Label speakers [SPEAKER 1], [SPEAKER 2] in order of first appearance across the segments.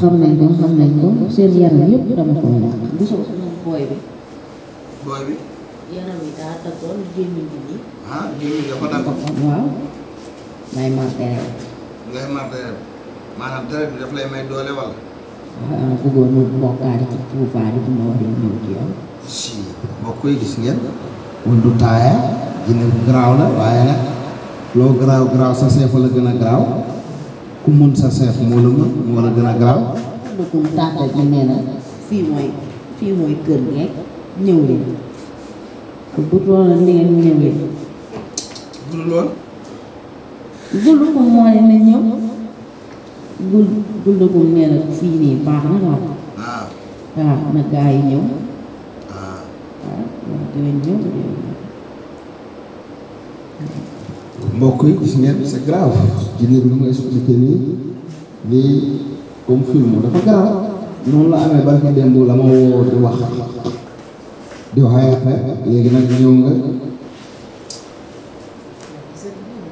[SPEAKER 1] xam nañ ko xam nañ ko seen yaram yëpp dama ko yàq gisoo suñu booy bi. booy bi. yaram yi daa daggoon gémmiñ bi. ah
[SPEAKER 2] gémmiñ dafa daggoon. waaw.
[SPEAKER 1] may mar deret.
[SPEAKER 2] ngay mar deret maanaam deret bi daf lay may
[SPEAKER 1] doole wala. ah bëggoon mu bokkaale ci tuufaale bi ma waxee
[SPEAKER 2] ñëw ci yow. si bokk yi gis ngeen. wul du taaya. dina garaaw la waaye nag loo garaaw garaaw sa seefa la gën a garaaw. ku mën sa seef moo la mën moo la gën a gaaw.
[SPEAKER 1] dugum tànta ji nee na fii mooy fii mooy kër geeg ñëw bu doon ni ngeen ñëw leen. gul na ñëw. gul fii nii baax na waaw. waaw ah. na gaa yi ah. Ah, waaw waaw dinañ ñëw.
[SPEAKER 2] mbokk yi gis ngeen c'est grave jigéen bi nga expliqué nii lii comme film dafa grave noonu la amee barki démb la ma woo di wax di wax ay affaire léegi nag ñëw nga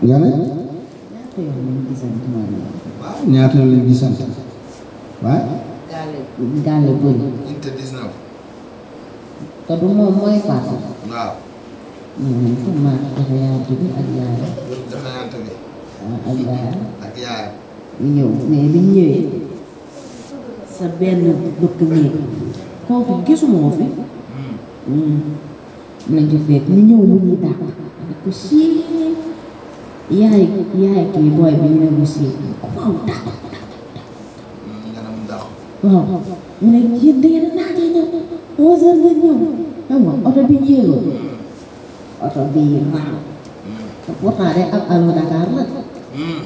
[SPEAKER 1] nga ne waaw ñaata yoon waaye gaale bëri
[SPEAKER 2] te du moom mooy paase sama ak yaayam bi
[SPEAKER 1] ak yaayam. def na yonent bi. waaw ak yaayam. ak yaayam. ñu ñëw mais bi ñu ñëwee sa benn dëkk nii kooku gisuma ko fi. mu lañ ko fekk ñu ñëw mu ñu dàq. ko sii yaay yaay kii booy bi ñu ne ko sii waaw dàq. waaw mu ne yéen da ngeen a naajee ñëw 11 heures nga ñëw xam nga oto bi ñu yéegoo oto bii waaw pourtant day am allo Dakar nag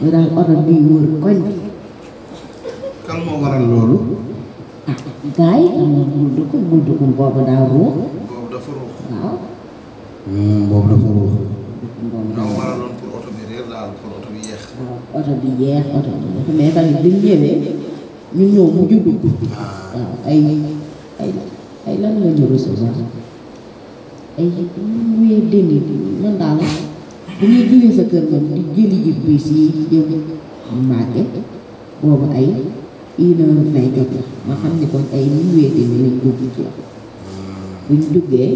[SPEAKER 1] ñu daal oto bii wër koñ bi kan moo waral loolu ah gars yi am ah, na bul dukum bul dukum boobu daa ruux
[SPEAKER 2] boobu dafa ruux waaw boobu dafa ruux boobu daa waraloon pour oto bi réer daal pour oto bi yeex
[SPEAKER 1] waaw ah, oto bi yeex oto bi yeex mais tamit bi ñu ñëwee ñu ñëw mu juddu waaw ay ay ay lan la ¿eh? ah. ñu recevoir ay muy dénni man daal bu ñuy jógee sa kër moom di jëli ji biis yi jëm Mbàkke boobu ay une heure jot la ma xam ni ko ay ñu wee dénni lañ dugg ci la buñ duggee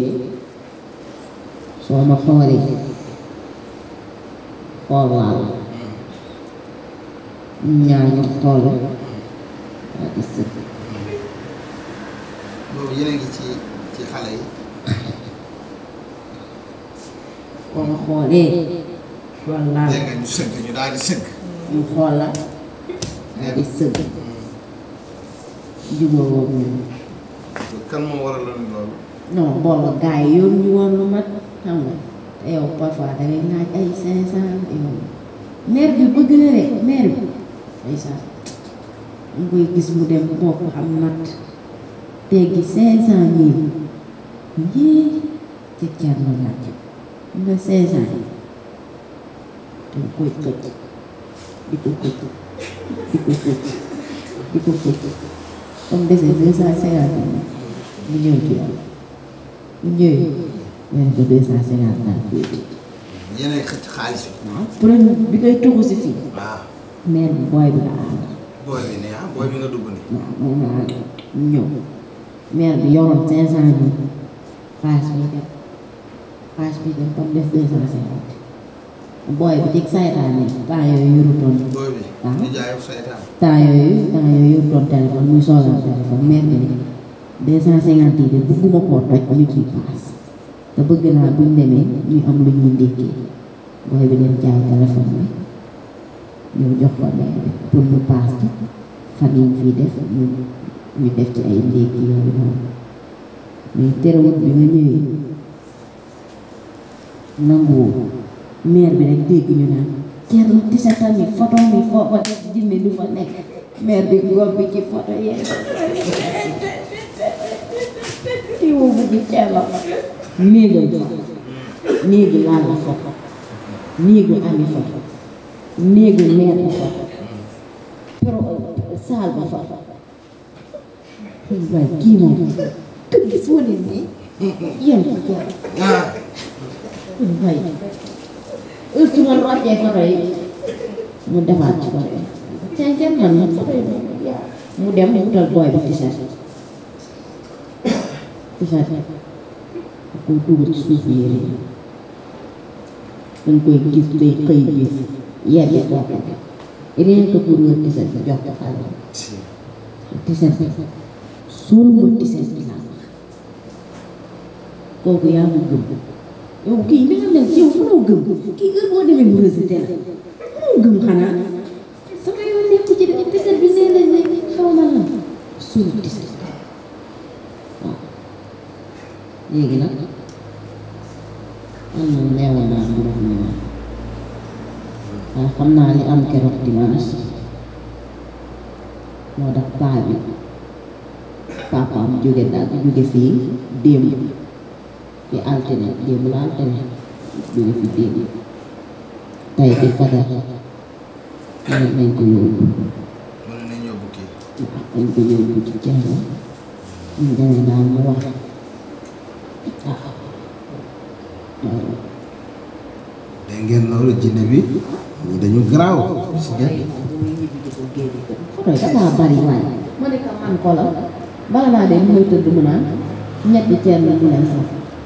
[SPEAKER 1] ñaar ñu xool waa gis boobu boo ma xoolee
[SPEAKER 2] xool naa la sëgg ñu daal di sëgg ñu xool la daal
[SPEAKER 1] sëgg jubóo boobu ñu
[SPEAKER 2] kan moo waraloon
[SPEAKER 1] loolu non boobu gars yi yoon ñu woon mat xam nga te yow parfois dangay laaj ay cinq yow maire bi bëgg na rek maire bi mu koy gis mu dem bopp am mat teggi cinq cent mille yii ca Thierno laaj nga saison danga koy xëcc di ko xëcc di ko xëcc di ko xëcc comme dese deux cent cinquante mu ñëw ci yow mu ñëwee nga ne ko deux cent cinquante naa koy xëcc yéen a xëcc xaalis bi bi koy tuxu si fii mère bi booy bi la ànd booy bi ne ah booy bi nga dugg nii waaw moom la ànd ñëw mère bi yoroon cinq cent mille xaalis bi page bi dem ba def deux cent booy bi dig saytaane temps yooyu yorutoon. booy ah. muy soxla téléphone mère bi ne deux cent yi de bëgguma koo toj ñu ciy paas te bëgg naa buñ demee ñu am lu ñu ndékkee booy bi jaay téléphone bi ñëw jox ko mère pour mu paas fan yi ñu fiy def ñu ñu def ci ay ndékki yooyu noonu mais terewut bi nga ñëwee. nanguwul maire bi rek dégg ñu naan Thierno Tisse tamit photo mi foo ko def jimmi du fa nekk maire bi góob bi ci photo yee kii moom kër gi foo leen nii yem ko Thierno fay heure su ma roccee photo yi mu defaat ci photo yi cinquième yoon man mu dem mu wutal booy bi t-shirt t-shirt ko koy gis day xëy gis kooku yaa ma gëm yow kii li nga mel ci yow gëm kii heure demee mu résulté la mënoo gëm xanaa sama yoon nekk ci de te léegi nag man moom neewoon naa ndox mi ma waaw xam naa li am keroog dimanche moo tax paa bi papaam jóge daal jóge fii démb di altine démb la altine jóge fi démb tey di fajar mën nañ ko yóbbu mën nañ
[SPEAKER 2] mu dañu garaaw si gerte
[SPEAKER 1] damaa bari waay mu naan ñetti ceer mu leen sax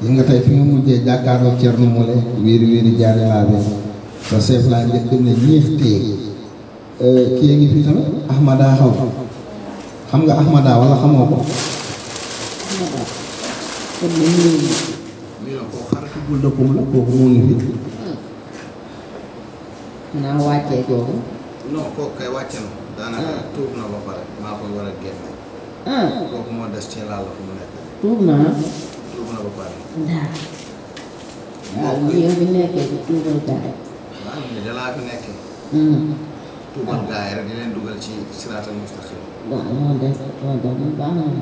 [SPEAKER 2] gis nga tey fi nga mujjee jàkkaarloo Thierno Moule wiiri wiiri jaane laa bi sa chef laa njëkk dem ne ñiix téye euh, kii a ngi fi tamit Ahmada xam nga Ahmada wala xamoo ko kooku moo ngi fi
[SPEAKER 1] naa wàccee kooku
[SPEAKER 2] non kooku kay wàcce na daanaka ah. tuub na ba pare maa koy war a génne ah. kooku moo des ci la fu mu nekk tuub na mën a bokk
[SPEAKER 1] waaw yow bi nekkee ci tuubal gaa yi.
[SPEAKER 2] waaw mais dalaa fi nekkee. Hmm. tuubal gaa yi rek di leen dugal ci siraatal mustaqim.
[SPEAKER 1] waaw moo des moo des bu baax la moom.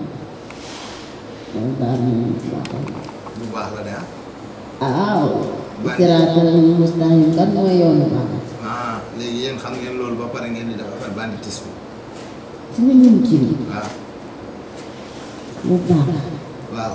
[SPEAKER 1] loolu baax na moom bu baax la.
[SPEAKER 2] bu baax la de ah.
[SPEAKER 1] ah waaw. siraatal mustaqim kan mooy yoonu
[SPEAKER 2] baax. ah léegi yéen xam ngeen loolu ba pare ngeen di def affaire banditisme. suñu ñun kii bi. waaw. bu baax la. waaw.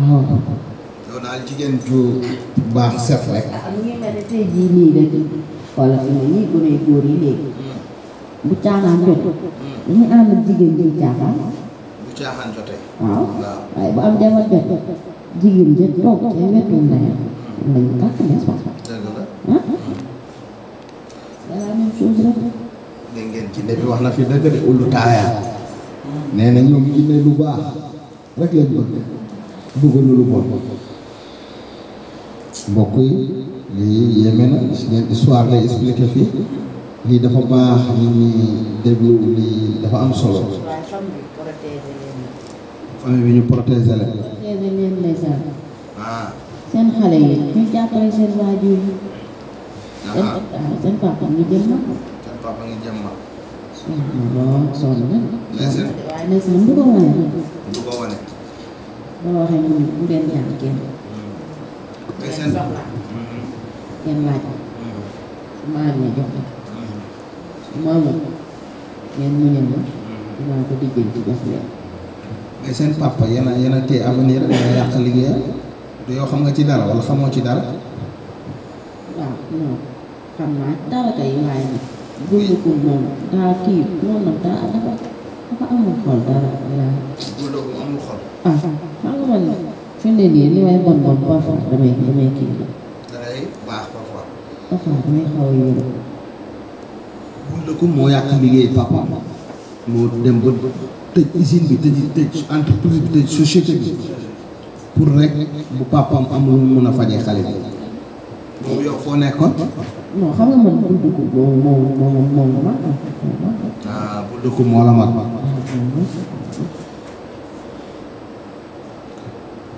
[SPEAKER 1] loolu daal jigéen ju baax set rek. am ñu ne tey jii nii góor yi léegi bu caaxaan jotee hmm. dañuy ànd ak jigéen jëy caaxaan.
[SPEAKER 2] bu caaxaan jotee. waaw waaye
[SPEAKER 1] bu am jamono jotee jigéen jë toog ca wetu hmm. la ah? hmm.
[SPEAKER 2] ngeen jinne bi wax na fi dëgg de ulu taaya. nee na ñoom jinne lu baax rek lañ bëgg. dugalu lu bon mbokk yi lii yéeme na gis ngeen histoire lay expliqué fii lii dafa baax nit ñi déglu lii dafa am solo bi ñu protéger
[SPEAKER 1] leen ah. seen xale yi ñu jàppale seen waajur yi ah. seen papa ngi jëm ma seen papa ngi jëm boo waxee mu ne bu leen jàng kenn kenn ngeen
[SPEAKER 2] mu ne ma dinaa ko dijjanti jox leen mais seen papa yéen a yéen avenir dina yàq liggéeyam du yow xam nga ci dara wala xamoo ci dal
[SPEAKER 1] waaw xam naa dara kay waaye nag bu noonu daa kii noonu nag daa dafa amul xol dara wala ah ah xam nga man nii li may bon bon parfois damay damay liggéey papa moo dem ba
[SPEAKER 2] tëj usine bi tëj entreprise bi tëj société bi pour rek bu papaam am lu mu a fajee xale bi. moom yow foo nekkoon.
[SPEAKER 1] non xam nga man bul dugg moom moom moom moom la mag. ah bul dugg moo la mag.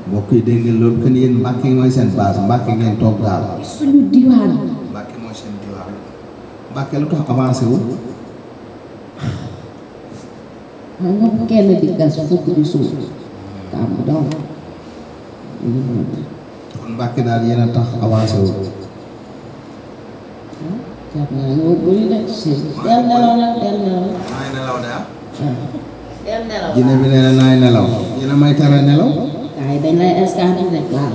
[SPEAKER 2] bokk yi dégg ngeen loolu que ni yéen Mbàkke mooy seen base Mbàkke ngeen toog daal. suñu diwaan. Mbàkke lu tax avancé wu. xam daal yéen tax avancé wu. ah, ah. ah. bi nee naay nelaw. yéen may tere nelaw.
[SPEAKER 1] gars yi dañ lay escanté rek waaw.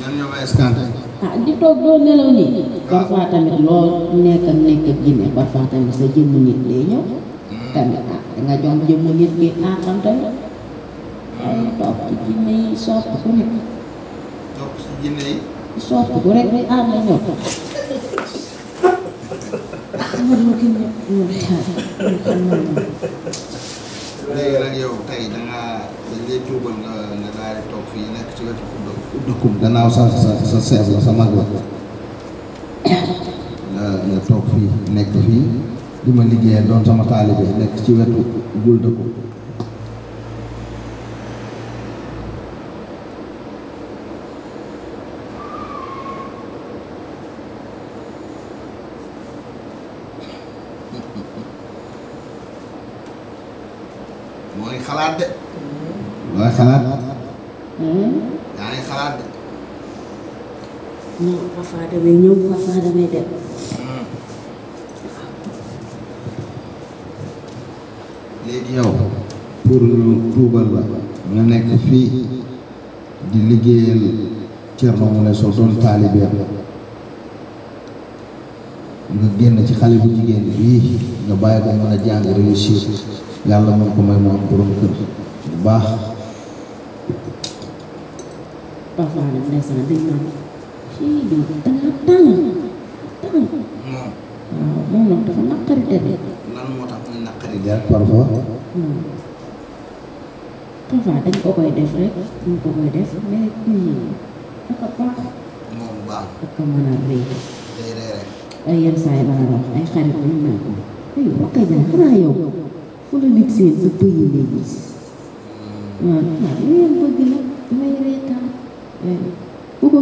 [SPEAKER 1] ñoom ñoo may escanté. ah di toog nelaw nii. waaw parfois ah. tamit loo nekk nekk ak jinne parfois tamit sa jëmmu nit day ñëw. Hmm. tamit ah nga jox jëmmu nit bi ah tamit. waaye hmm. toog ci jinne yi sopp ku nekk. rek day aar la ñëw.
[SPEAKER 2] léegi nag yow tey da dee tuubal nga nga daal toog fii nekk ci wetu udda uddakum gannaaw sa sa sa seef la sa nga toog fii nekk fii di ma liggéeyal doon sama taalibe nekk ci wetu gul dëkku mooy xalaat de damay ñëw yow pour tuubal la nga nekk fii di liggéeyal Thierno Moule Sow doon taalibeem nga génn ci xale bu jigéen bii nga bàyyi ko mën a jàng réussir yàlla mën ko may mu am borom kër bu baax.
[SPEAKER 1] kii ñoom da ngaa tàng tàng. waaw moom nag dafa naqari dere. lan
[SPEAKER 2] moo tax mu naqari dere parfois.
[SPEAKER 1] parfois dañ ko koy def rek dañ ko koy def mais kii dafa baax. moom baax dafa mën a rëy. day rëy rek. ay yenn saa yi daal wax ay xarit ñu naan ko. ay wax kay jaa xanaa yow fu la nit seen sa bëy yi lay gis. waaw waaw li ngeen bëgg nag may reetaan.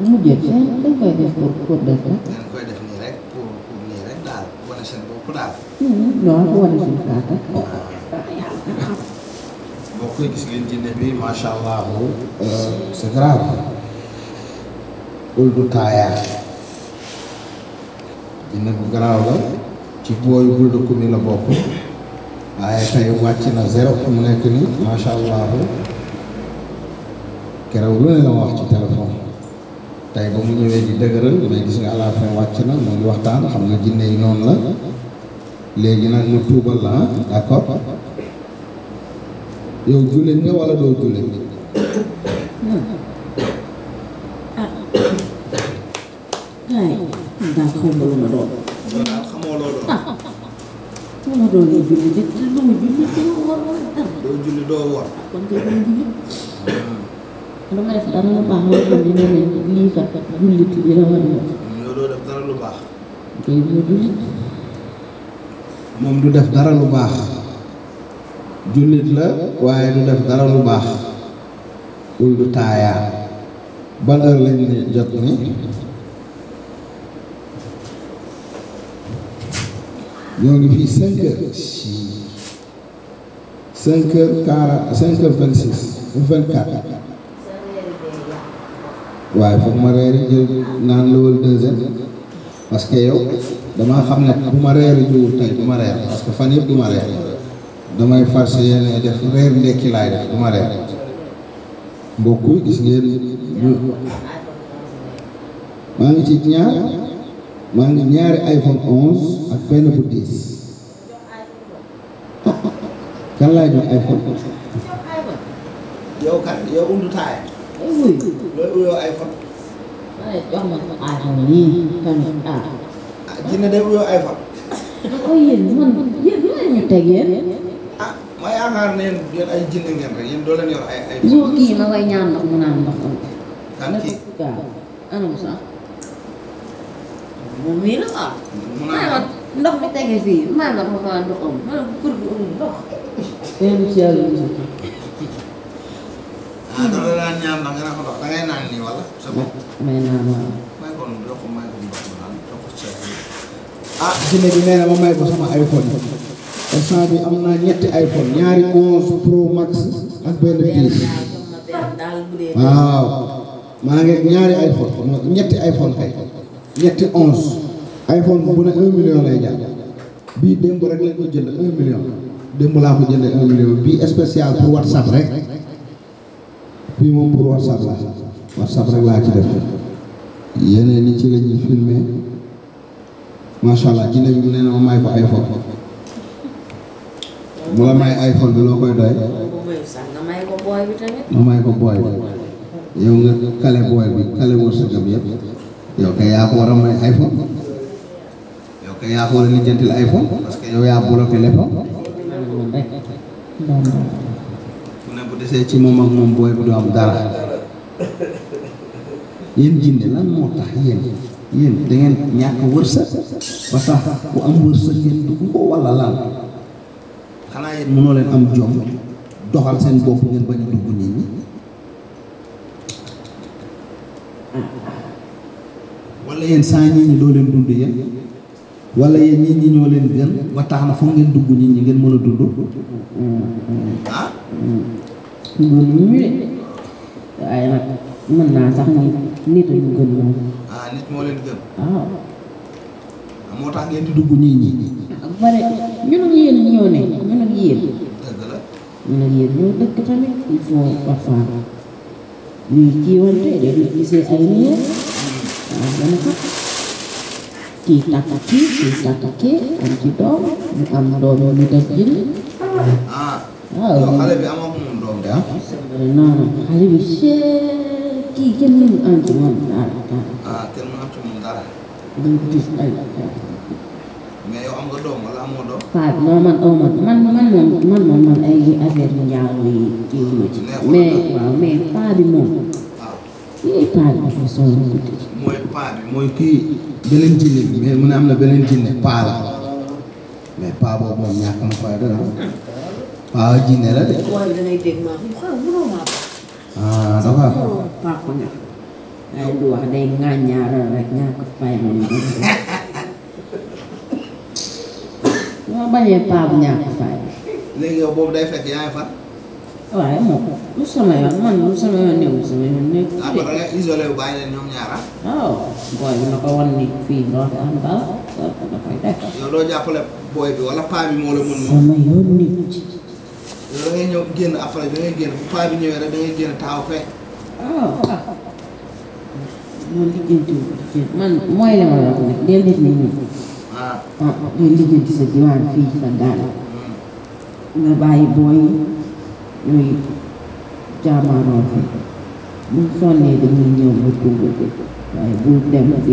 [SPEAKER 1] bu mujjee seen dañ koy def pour rek. dañ koy rek pour pour
[SPEAKER 2] nii rek daal wane seen bopp daal.
[SPEAKER 1] Hmm, non ku wane seen baat rek.
[SPEAKER 2] Ah. boo koy jinne bi macha allah. Euh, c'est grave. bul du taayaa. jinne bu garaaw la. ci booy bul du kumi la bokk. waaye tey wàcc na zéro fu mu nekk nii macha allah. keroog ne la wax ci tey ba mu ñëwee di dëgëral mais gis nga à la wàcc na moo waxtaan xam nga jinne yi noonu la léegi nag mu tuubal la d'accord yow jullit nga wala doo jullit
[SPEAKER 1] ah doo jullit doo
[SPEAKER 2] war doo jullit doo war
[SPEAKER 1] lu may def dara lu baax def.
[SPEAKER 2] dara lu baax. moom du def dara lu baax. jullit la waaye du def dara lu baax. muy du taayaa. ban lañu lañ jot ni ñoo ngi fii cinq heures cinq heures quarante cinq heures vingt waaye foog ma reeri jël naan lowal deuxième parce que yow damaa xam ne bu ma reeri jiwul tey du ma reer parce que fan yëpp du ma reer damay farce yéene def reer ndekki laay def du reer mbokk gis ngeen ñu maa ngi ci ñaar maa ngi ñaari iPhone 11 ak benn bu 10 iPhone yow oui. looy uyoo iPhone. waaye jox ma iPhone nii tamit ah. jinne day uyoo iPhone.
[SPEAKER 1] oh yéen man yéen yéen ñu teg yéen.
[SPEAKER 2] ah ma yaakaar ay jinne ngeen rek kii ma koy ñaan ndox mu naan
[SPEAKER 1] ndox am. kan kii waaw ana Moussa. moom mii la ah. mu tege fii maa ndox ma ko ndox am ma ne ko kur bi amul ndox. ah da doon daan ñaan ndax
[SPEAKER 2] nga ne ko ndox dangay naan nii wala. sa bopp may naan waaw. may ko nu jox ko may ko ndox mu naan jox ko sa ah jinne bi nee na ma may ko sama iPhone. instant bi am naa ñetti iPhone ñaari 11 Pro Max ak benn 10. waaw. maa ngi ñaari iPhone ñetti iPhone kay. ñetti 11. iPhone bu ne 1 million lay jaar. bii démb rek lañ ko jënd 1 million. démb laa ko jëndee 1 million bii spécial pour WhatsApp rek. fii moom pour whatsapp la whatsapp rek laa ci def yeneen yi ci la ñuy may ko iPhone loo koy doy. nga
[SPEAKER 1] may ko booy bi tamit. nga may ko
[SPEAKER 2] yow nga kale booy bi kale wërsëgam yëpp yow kay yaa ko war que yow yaa desee ci moom ak moom booy bu du am dara yéen jinne lan moo tax yéen yéen da ngeen ñàkk wërsëg ba tax ku am wërsëg ngeen dugg ko wala lan xanaa yéen mënoo leen am jom doxal seen bopp ngeen bañ a dugg nit ñi wala yéen saa ñii ñi doo leen dund yéen wala yéen ñoo leen gën ba na foog ngeen dugg nit ñi ngeen mën a dund
[SPEAKER 1] ah ñu naa sax ni nit ñu gën waaw. Ah, ah. ah,
[SPEAKER 2] moo tax ngeen dugg nii ñi
[SPEAKER 1] ak bare ñun ak yéen ñoo ne ñun ak yéen. dëgg la. ñun ak yéen ñoo dëkk tamit il faut parfois ñuy kiiwante dañuy gisee ay niir waaw dana ko kii tàkk kii kii tàkk kii am ci doom mu am doom yu ñu def waaw xale bi amoo
[SPEAKER 2] moom doom de ah.
[SPEAKER 1] non non xale bi kii kenn mënu am ci
[SPEAKER 2] moom dara. ah kenn mënu am ci moom dara. donc gis
[SPEAKER 1] ay mais yow am nga doom wala amoo doom. Pape non man aw ma man man man man man ay affaire yu ñaaw yi kii ma ci. mais waaw mais paa bi moom. waaw ah. kii eh,
[SPEAKER 2] paa bi dafa sonn guddi. mooy paa bi mooy kii. beneen jinne bi mais mu ne am na beneen jinne paa la mais paa boobu moom ñàkk na fay dara. Ah. waaw jinne la de.
[SPEAKER 1] waaw dangay dégg maa xam xaaral mënoo maa ko. ah dafa. paa ko nag ay du wax day ŋaañ ñaaral rek ñàkk fay moom la. moo bañee paa bu ñàkk fay.
[SPEAKER 2] léegi yow boobu day fekk yaay fan.
[SPEAKER 1] waaye moom lu sama yoon man lu sama yoon néew sama yoon néew.
[SPEAKER 2] ah kon da nga isolé wu bàyyi leen ñoom ñaara.
[SPEAKER 1] waaw booy bi na ko wan ni fii doo fi am dara da koy def.
[SPEAKER 2] yow doo jàppale booy bi wala paa bi moo la mën. sama yoon néew ci. da ñëw génn après da génn bu paa bi ñëwee rek da génn taxaw fee.
[SPEAKER 1] ah man mooy la ah. Ah, ah, sa diwaan fii ci sa hmm. nga bàyyi booy ñuy jaamaanoo fi sonnee dañuy ñëw ba dugg waaye bu dem di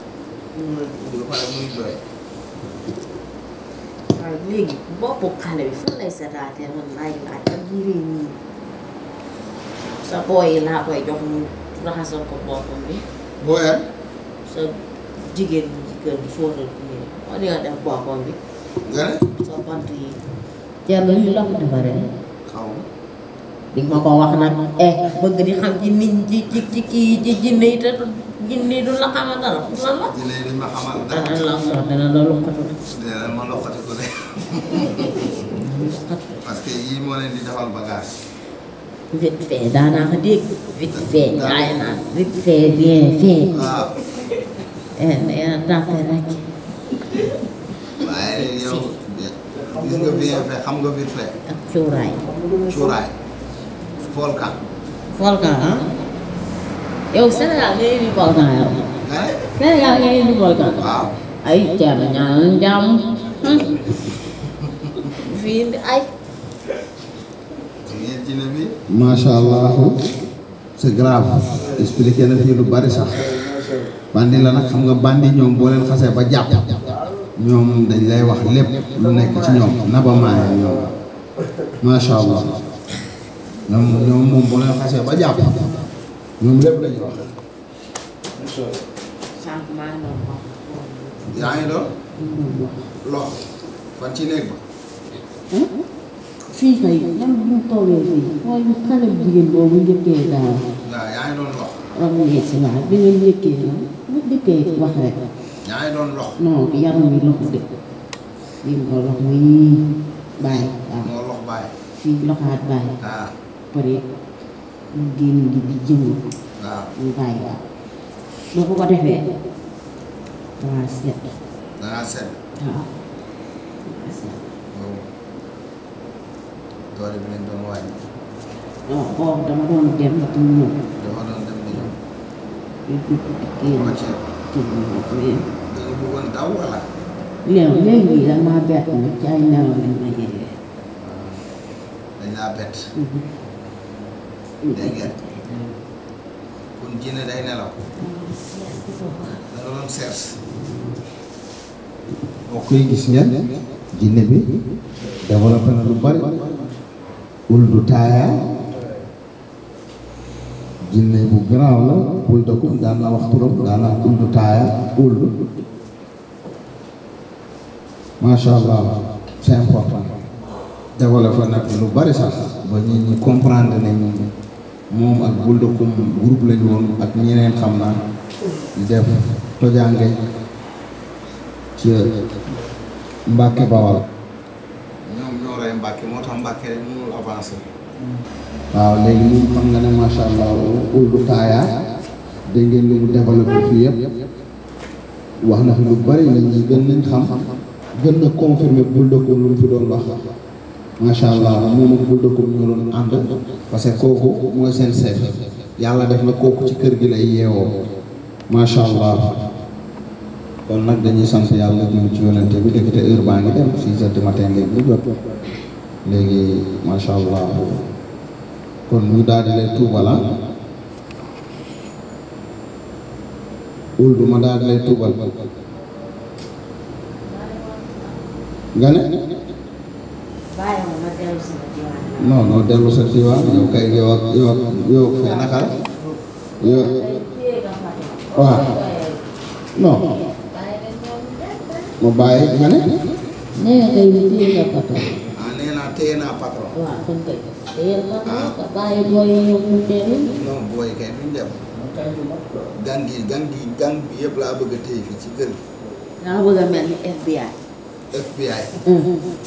[SPEAKER 1] waaw léegi boppu xale bi fan lay seetaatee man laaj laaj ak jiiree nii sa booy laa koy jox ñu raxasal ko boppam bi. booyal. jigéen ñi kër gi fóotal ko ñu ne ma boppam bi. nga bant yi. Thierno ñu la ko defaree. xaw ma. ma ko wax nag eh bëgg di xam ci nit ci ci ci kii ci jinne yi te jinne yi du la xamal dara lan la. jinne yi duñ ma xamal dara. Ah, ko de.
[SPEAKER 2] parce yii moo leen di defal bagage.
[SPEAKER 1] vite fait daanaa ko dégg. vite fait yaay naa vite fait bien fait. waaw. yàlla tàmpale rek.
[SPEAKER 2] waaye yow nga bien fait xam nga vite fait. ak cuuraay. cuuraay. folka. folka ah.
[SPEAKER 1] yow Sénégal ngay indi volcan yow. Sénégal ngay indi volcan. waaw ay Thierno ñaanal ñu jàmm. fii indi ay.
[SPEAKER 2] macha allah c'est grave. expliqué na fii lu bari sax. bandi la nag xam nga bandi ñoom boo leen xasee ba jàpp. ñoom dañ lay wax lépp lu nekk ci ñoom naba maaya ñoom. macha allah ñoom ñoom moom boo leen xasee ba jàpp. ñoom lépp lañuy wax.
[SPEAKER 1] sànq maa ngi doon wax.
[SPEAKER 2] yaa ngi doon. lox fan ci néeg ba.
[SPEAKER 1] fii kay yan bu ñu toogee fii mooy xale bu jigéen boobu njëkkee daaw. waaw yaa ngi doon lox. waaw mu ngi si waaw rek. yaa ngi doon lox. non ko lox muy bàyyi. waaw moo lox bàyyi. fii loxaat bàyyi. Ah. pare. ñu génn di di jënd. waaw ñu bàyyi waaw. boo ko ko defee danaa sedd. danaa sedd. waaw danaa sedd. doole bi lañ doon wàññi. non boobu dama doon dem ba mu ñëw. dama doon dem di ñëw. ñu génn génn ñu bëggoon daw wala. léegi léegi lii damaa bett nag ci ay nelaw lañ ma jëlee.
[SPEAKER 2] dañ laa bett. Mm-hmm. dégg ngeen kon boo koy gis ngeen jinne bi développé na lu bari ul du taaya jinne bu garaaw la ul dëkkum daan wax turam daan na du taaya ul macha allah c'est important développé nag lu bari sax ba nit ñi comprendre nañ moom ak Boule de Koum groupe lañu woon ak ñeneen xam naa di def tojaange ci Mbàkke Bawal ñoom ñoo rey Mbàkke moo tax Mbàkke rek mënul avancé waaw léegi moom xam nga ne macha allah Ould Taya dégg ngeen li mu fii yëpp wax na fi lu bari lañuy gën nañ xam gën na confirmer Boule de Koum lu mu fi doon wax macha allah moom ak bul dëkkum ñoo doon ànd parce que kooku mooy seen seet yàlla def na kooku ci kër gi lay yeewoo macha allah kon nag dañuy sant yàlla jëm ci yonente bi dëkk te heure baa ngi dem six heures du matin léegi lu jot léegi macha allah kon ñu daal di lay tuubala ah. wul du ma daal lay tuubal nga ne non non dellu sa diwaan yow kay yow ak yow ak yow yow waaw non mu bàyyi nga ne.
[SPEAKER 1] kay téye ah,
[SPEAKER 2] téye naa patron. waaw
[SPEAKER 1] ah. bàyyi booy yow mu neewee.
[SPEAKER 2] booy kay duñ dem. gan gi gan bi yëpp laa bëgg téye fii ci kër gi.
[SPEAKER 1] naa bëgg mel ni FBI.
[SPEAKER 2] FBI.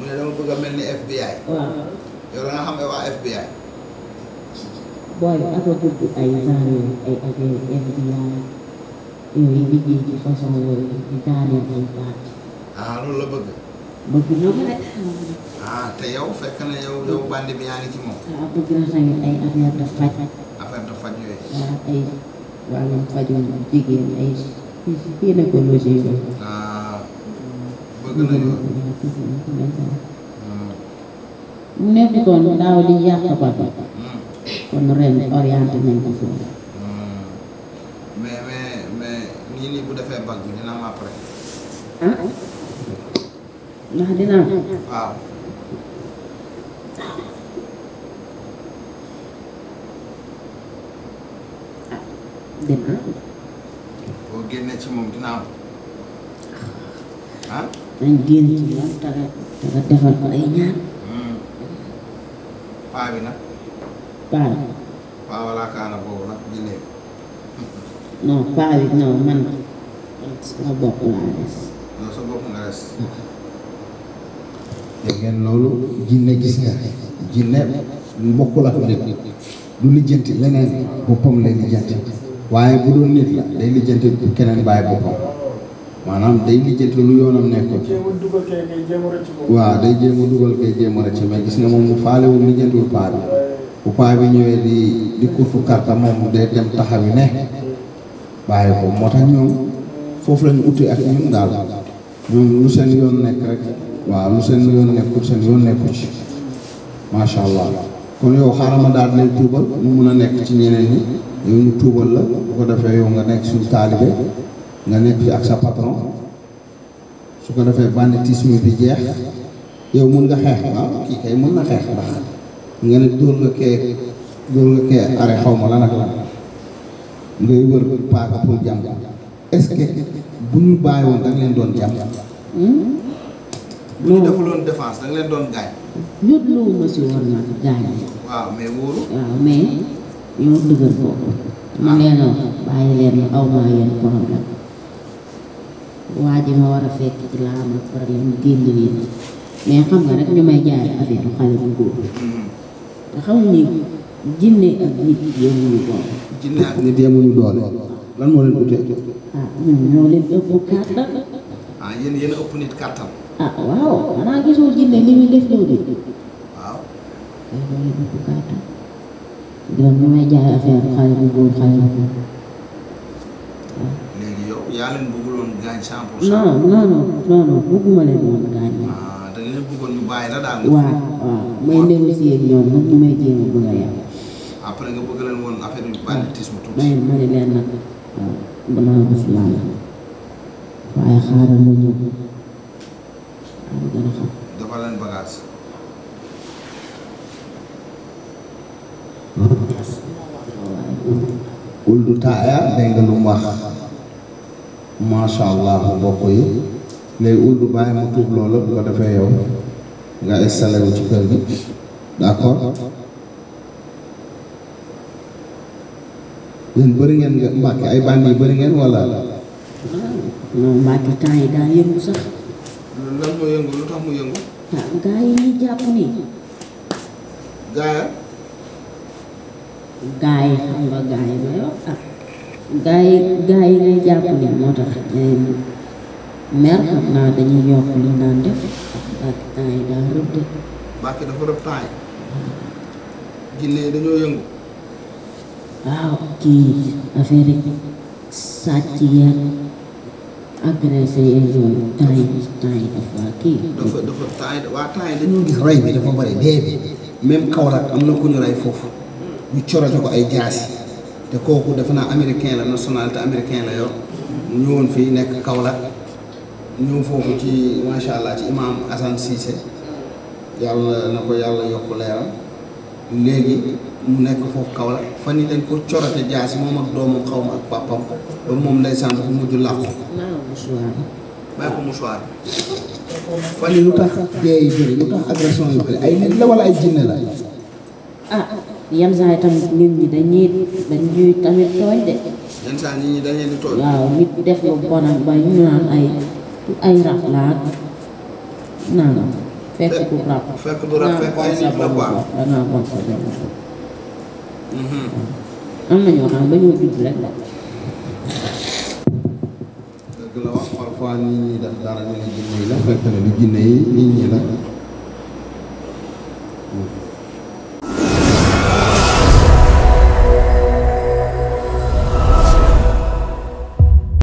[SPEAKER 2] mu ne dama bëgg a mel ni FBI. waaw yow da xam ne waa FBI.
[SPEAKER 1] booy dafa gudd ay genre ay FBI yooyu liggéey ci façon yooyu di ay baat. yow fekk ay affaire ay wàllum fajum jigéen ay gynécologie yooyu. dëgg la yow. nekkoon daaw di yàq hmm. ren orienté nañ ko foofu. Hmm. mais mais mais bu defee
[SPEAKER 2] bag bi dina am après. ah ndax dina am. waaw. dina am. boo génnee ci dañ génn ci yoon te nga te ko ay ñaan. Hmm. paa bi nag.
[SPEAKER 1] paa
[SPEAKER 2] bi. nag ñu ne.
[SPEAKER 1] non nga des. Ah. dégg
[SPEAKER 2] loolu jinne gis nga jinne mbokk la ko nit du lijjanti leneen boppam lay lijjanti waaye bu doon nit la day lijjanti keneen bàyyi boppam. maanaam day lijjanti lu yoonam nekkoon. waaw day jéem a dugal kay jéem a rëcc gis nga moom mu faalewul lijjantiwul paa bi bu paa bi ñëwee di di kurtu karta moom day dem taxawi ne bàyyi ko moo tax ñoom foofu lañu uti ak ñun daal ñoom lu seen yoon nekk rek waaw lu seen yoon nekkul seen yoon nekku ci macha allah kon yow xaaral ma daal lay tuubal mu mun a nekk ci ñeneen yi yow ñu tuubal la bu ko defee yow nga nekk suñu taalibe nga nekk fi ak sa patron su ko defee banditisme bi jeex yow mun nga xeex waaw ah, kii kay mun na xeex ndax nga ne dóor nga kee dóor nga kee are xaw ma lan ak lan ngay wër paaka pour jàmm est bu ñu bàyyi woon da nga leen doon jàmm.
[SPEAKER 1] Hmm? bu ñu
[SPEAKER 2] defuloon défense da leen doon gaañ.
[SPEAKER 1] ñun loolu boobu. ma leen wax bàyyi leen aw maa yéen problème. waa ji ma war a fekk ci laa amal problème génn leen mais xam nga rek ñu may jaay affaire xale bu góor te doole. jinne
[SPEAKER 2] yaa leen bëgguloon gaañ cent
[SPEAKER 1] pour cent. non non non non leen woon gaañ. ah da ngeen bëggoon bàyyi la daal. waaw bëgg a yàq.
[SPEAKER 2] après nga bëgg leen woon affaire leen nag waaw du taaya dégg nga lu macha allah mbokk yi léegi ul du bàyyi mu tuub loola bu ko defee yow nga installé ci kër gi d'accord yéen bëri ngeen nga Mbàkke ay bànd yi bëri ngeen wala.
[SPEAKER 1] non Mbàkke temps yi daa yëngu sax.
[SPEAKER 2] lan moo yëngu lu tax mu yëngu. Ah, gaa yi
[SPEAKER 1] ñuy jàpp nii. gaa. yi xam nga gaa yi ma yor ah. gaa yi gaa yi ngay moo tax mer naa dañuy yokk li naan def ak temps yi daa de
[SPEAKER 2] Mbàkke dafa dañoo yëngu
[SPEAKER 1] waaw kii affaire yi sàcc yi temps yi dafa kii dafa dafa waa temps yi
[SPEAKER 2] dañoo gis rey bi dafa bëri dee bi même Kaolack am na ku ñu rey foofu ñu coroti ko ay jaas te kooku defe naa américain la nationalité américain la yor ñëwoon fii nekk Kaolack ñëw foofu ci macha allah ci imam Assane Cissé yàlla na ko yàlla yokk leeral léegi mu nekk foofu Kaolack fan yii dañ ko corote jaasi moom ak doomam xaw ma ak pàppam ba moom ndeysaan dafa mujj làqu. bàyyi lu tax dee yi bëri lu tax agression yi bëri ay la wala ay jinne la ah, yenn saa yi tamit nit
[SPEAKER 1] ñi dañuy tamit tooñ de.
[SPEAKER 2] dañ leen di tooñ. waaw nit
[SPEAKER 1] def lu ba ñu naan ay ay laa naan fekk du rab. fekk du rab fekk
[SPEAKER 2] mhm. am na ñoo xam ne dañoo judd rek la. fekk na lu jinne yi nit ñi la.